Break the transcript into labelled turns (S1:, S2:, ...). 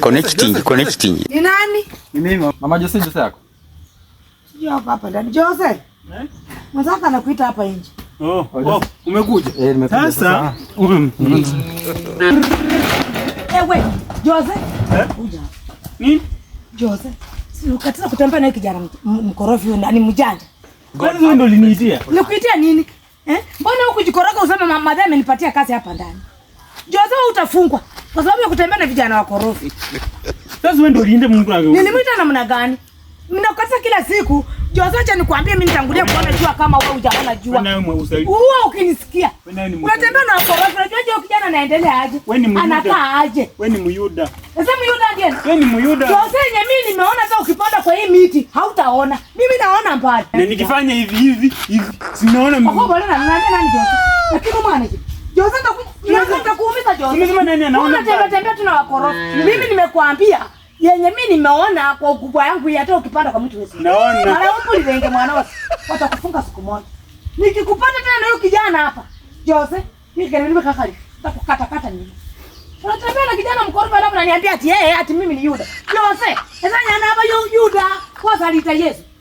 S1: Connecting, connecting.
S2: Ni nani?
S3: Ni mimi. Mama Jose Jose yako.
S2: Sio hapa ndani Jose. Eh? Mwanzaka anakuita hapa nje.
S3: Oh, oh, oh umekuja. Eh, nimekuja. Sasa.
S2: Eh, wewe, Jose. Eh? Uja. Nini? Jose. Si ukataza kutembea na kijana mkorofi huyo ndani mjanja.
S3: Kwani wewe ndo uliniitia?
S2: Nikuitia nini? Eh? Mbona huko usema mama madame amenipatia kazi hapa ndani? Jose, utafungwa kwa sababu ya kutembea na vijana wakorofi.
S3: Sasa wewe ndio ulinde Mungu wako.
S2: Nilimwita namna gani? Mnakosa kila siku. Jozo Jozocha nikwambie mimi nitangulia kuona jua kama wewe hujaona jua. Huwa ukinisikia.
S3: Unatembea
S2: na wakorofi. Unajua je kijana anaendelea aje? Anakaa aje?
S3: Wewe ni Myuda.
S2: Sasa Myuda ndiye.
S3: Wewe ni Myuda.
S2: Jozo yenye mimi nimeona sasa ukipanda kwa hii miti hautaona. Mimi naona mbali.
S3: Na nikifanya hivi hivi, hivi. sinaona mimi.
S2: Kwa bora bwana ananiambia nani Jozo? Lakini mwana Jozocha
S3: unatembea
S2: tembea tuna wakorofi. Eh. Mimi nimekuambia yenye mimi nimeona kwa ukubwa yangu hata ukipanda kwa mtu wewe. Naona. Mara umbu nilenge mwanao. Watakufunga siku moja. Nikikupata tena na huyo kijana hapa. Jose, mimi kana nimeka kakali. Nitakukata kata nini? Unatembea na kijana mkorofi alafu ananiambia ati yeye ati mimi ni Yuda. Jose, sasa nyana hapa Yuda. Kwa zalita Yesu.